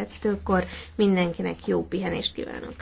kettőkor mindenkinek jó pihenést kívánok!